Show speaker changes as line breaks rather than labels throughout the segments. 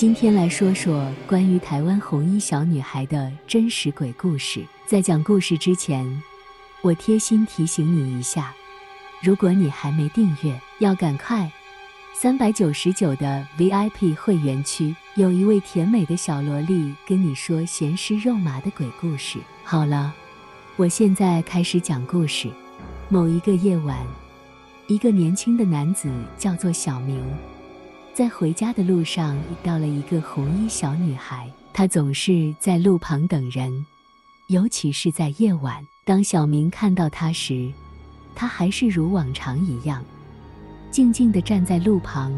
今天來說說關於台灣紅衣小女孩的真實鬼故事。在講故事之前，我貼心提醒你一下：如果你還沒訂閱，要趕快！三百九十九的 VIP 會員區有一位甜美的小蘿莉跟你說鹹濕肉麻的鬼故事。好了，我現在開始講故事。某一個夜晚，一個年輕的男子叫做小明。在回家的路上遇到了一個紅衣小女孩，她總是在路旁等人，尤其是在夜晚。當小明看到她時，她還是如往常一樣靜靜地站在路旁，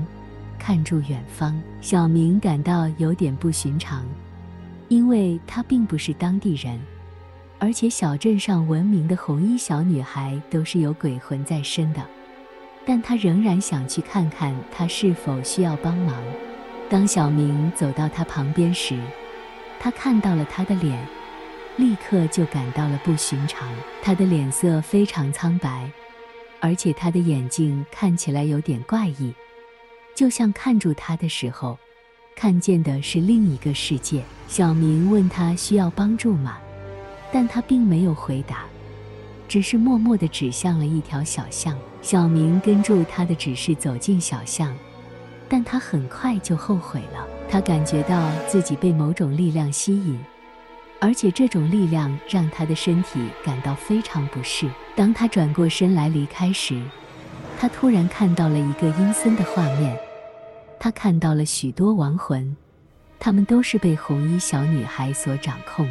看住遠方。小明感到有點不尋常，因為她並不是當地人，而且小鎮上聞名的紅衣小女孩都是有鬼魂在身的。但他仍然想去看看他是否需要幫忙。當小明走到他旁邊時，他看到了他的臉，立刻就感到了不尋常。他的臉色非常蒼白，而且他的眼睛看起來有點怪異，就像看住他的時候，看見的是另一個世界。小明問他需要幫助嗎？但他並沒有回答，只是默默地指向了一條小巷。小明跟著他的指示走進小巷，但他很快就後悔了。他感覺到自己被某種力量吸引，而且這種力量讓他的身體感到非常不適。當他轉過身來離開時，他突然看到了一個陰森的畫面。他看到了許多亡魂，他們都是被紅衣小女孩所掌控。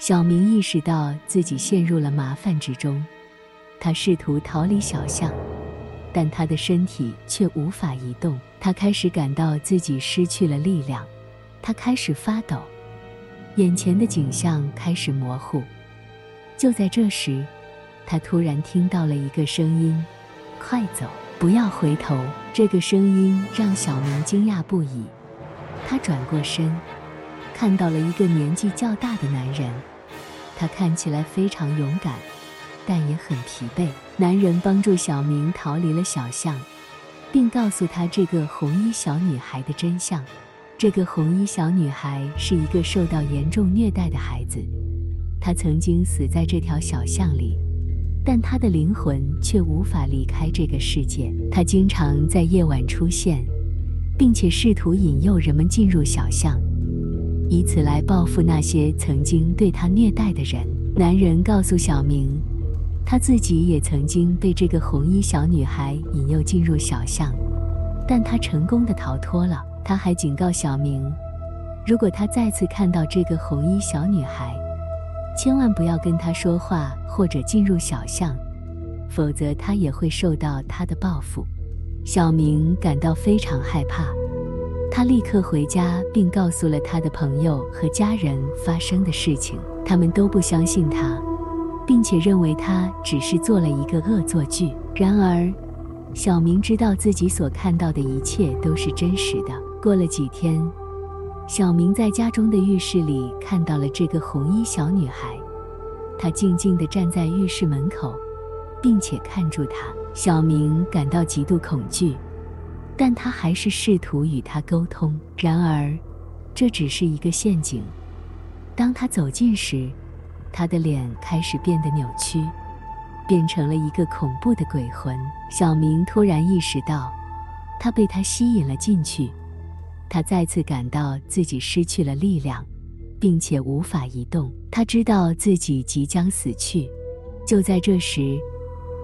小明意識到自己陷入了麻煩之中，他試圖逃離小巷。但他的身體卻無法移動，他開始感到自己失去了力量，他開始發抖，眼前的景象開始模糊。就在這時，他突然聽到了一個聲音：“快走，不要回頭！”這個聲音讓小明驚訝不已。他轉過身，看到了一個年紀較大的男人，他看起來非常勇敢。但也很疲憊。男人幫助小明逃離了小巷，並告訴他這個紅衣小女孩的真相：這個紅衣小女孩是一個受到嚴重虐待的孩子，她曾經死在這條小巷裡，但她的靈魂卻無法離開這個世界。她經常在夜晚出現，並且試圖引誘人們進入小巷，以此來報復那些曾經對她虐待的人。男人告訴小明：他自己也曾經被這個紅衣小女孩引誘進入小巷，但他成功的逃脫了。他還警告小明，如果他再次看到這個紅衣小女孩，千萬不要跟他說話或者進入小巷，否則他也會受到他的報復。小明感到非常害怕，他立刻回家並告訴了他的朋友和家人發生的事情，他們都不相信他。並且認為他只是做了一個惡作劇。然而，小明知道自己所看到的一切都是真實的。過了幾天，小明在家中的浴室裡看到了這個紅衣小女孩，她靜靜地站在浴室門口，並且看住他。小明感到極度恐懼，但他還是試圖與她溝通。然而，這只是一個陷阱。當他走近時，他的臉開始變得扭曲，變成了一個恐怖的鬼魂。小明突然意識到，他被他吸引了進去。他再次感到自己失去了力量，並且無法移動。他知道自己即將死去。就在這時，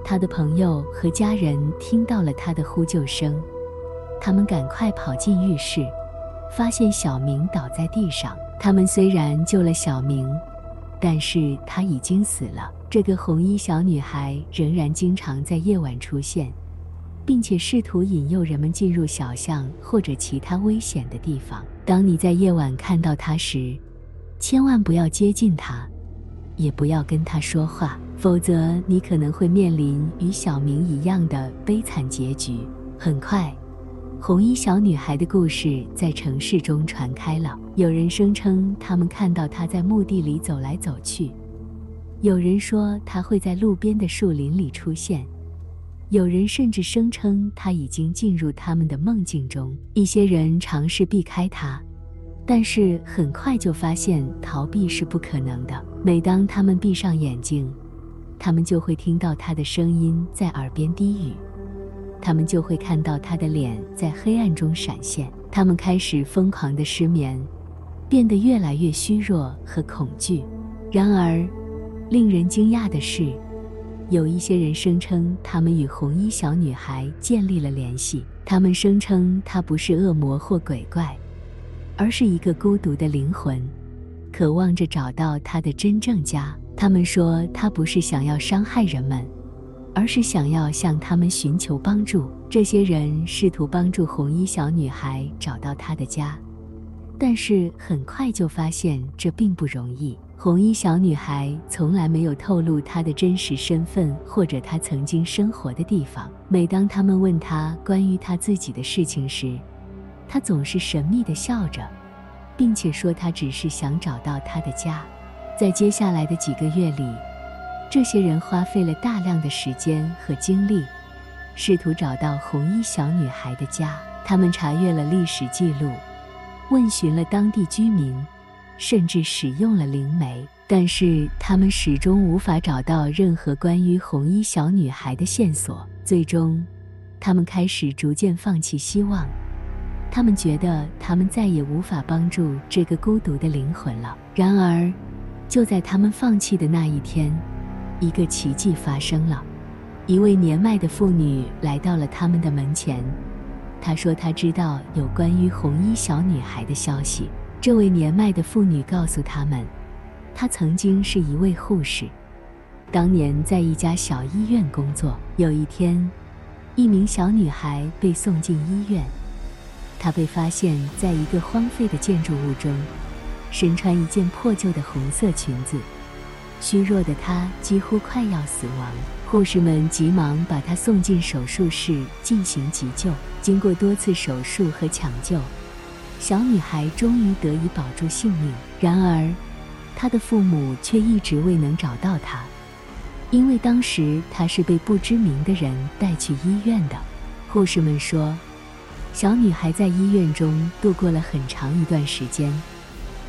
他的朋友和家人聽到了他的呼救聲。他們趕快跑進浴室，發現小明倒在地上。他們雖然救了小明。但是她已經死了。這個紅衣小女孩仍然經常在夜晚出現，並且試圖引誘人們進入小巷或者其他危險的地方。當你在夜晚看到她時，千萬不要接近她，也不要跟她說話，否則你可能會面臨與小明一樣的悲慘結局。很快。紅衣小女孩的故事在城市中傳開了。有人聲稱他們看到她在墓地裡走來走去；有人說她會在路邊的樹林裡出現；有人甚至聲稱她已經進入他們的夢境中。一些人嘗試避開她，但是很快就發現逃避是不可能的。每當他們閉上眼睛，他們就會聽到她的聲音在耳邊低語。他們就會看到她的臉在黑暗中閃現。他們開始瘋狂的失眠，變得越來越虛弱和恐懼。然而，令人驚訝的是，有一些人聲稱他們與紅衣小女孩建立了聯繫。他們聲稱她不是惡魔或鬼怪，而是一個孤獨的靈魂，渴望着找到她的真正家。他們說她不是想要傷害人們。而是想要向他們尋求幫助。這些人試圖幫助紅衣小女孩找到她的家，但是很快就發現這並不容易。紅衣小女孩從來沒有透露她的真實身份或者她曾經生活的地方。每當他們問她關於她自己的事情時，她總是神秘地笑着，並且說她只是想找到她的家。在接下來的幾個月裡，這些人花費了大量的時間和精力，試圖找到紅衣小女孩的家。他們查閱了歷史記錄，問詢了當地居民，甚至使用了靈媒。但是，他們始終無法找到任何關於紅衣小女孩的線索。最終，他們開始逐漸放棄希望。他們覺得他們再也無法幫助這個孤獨的靈魂了。然而，就在他們放棄的那一天，一個奇蹟發生了，一位年邁的婦女來到了他們的門前。她說她知道有關於紅衣小女孩的消息。這位年邁的婦女告訴他們，她曾經是一位護士，當年在一家小醫院工作。有一天，一名小女孩被送進醫院，她被發現在一個荒廢的建築物中，身穿一件破舊的紅色裙子。虛弱的她幾乎快要死亡，護士們急忙把她送進手術室進行急救。經過多次手術和搶救，小女孩終於得以保住性命。然而，她的父母卻一直未能找到她，因為當時她是被不知名的人帶去醫院的。護士們說，小女孩在醫院中度過了很長一段時間，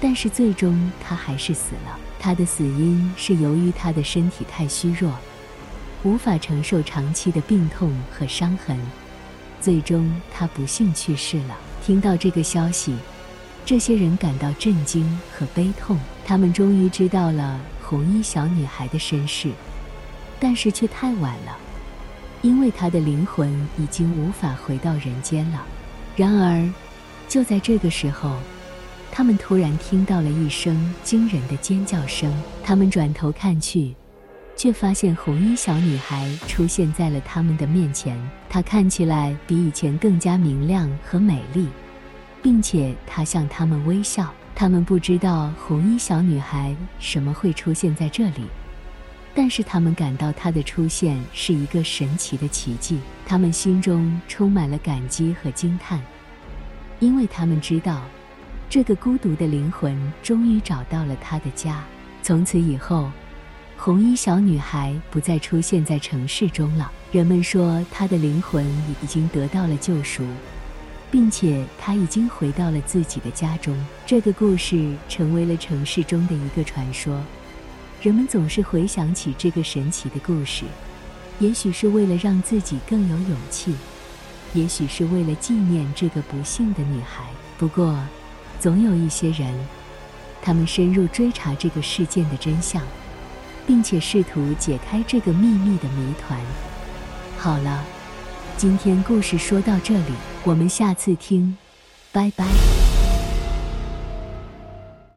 但是最終她還是死了。他的死因是由於他的身體太虛弱，無法承受長期的病痛和傷痕，最終他不幸去世了。聽到這個消息，這些人感到震驚和悲痛。他們終於知道了紅衣小女孩的身世，但是卻太晚了，因為她的靈魂已經無法回到人間了。然而，就在這個時候，他們突然聽到了一聲驚人的尖叫聲，他們轉頭看去，卻發現紅衣小女孩出現在了他們的面前。她看起來比以前更加明亮和美麗，並且她向他們微笑。他們不知道紅衣小女孩什麼會出現在這裡，但是他們感到她的出現是一個神奇的奇蹟。他們心中充滿了感激和驚歎，因為他們知道。這個孤獨的靈魂終於找到了她的家。從此以後，紅衣小女孩不再出現在城市中了。人們說她的靈魂已經得到了救贖，並且她已經回到了自己的家中。這個故事成為了城市中的一個傳說。人們總是回想起這個神奇的故事，也許是為了讓自己更有勇氣，也許是為了紀念這個不幸的女孩。不過，總有一些人，他們深入追查這個事件的真相，並且試圖解開這個秘密的謎團。好了，今天故事說到這裡，我們下次聽，拜拜。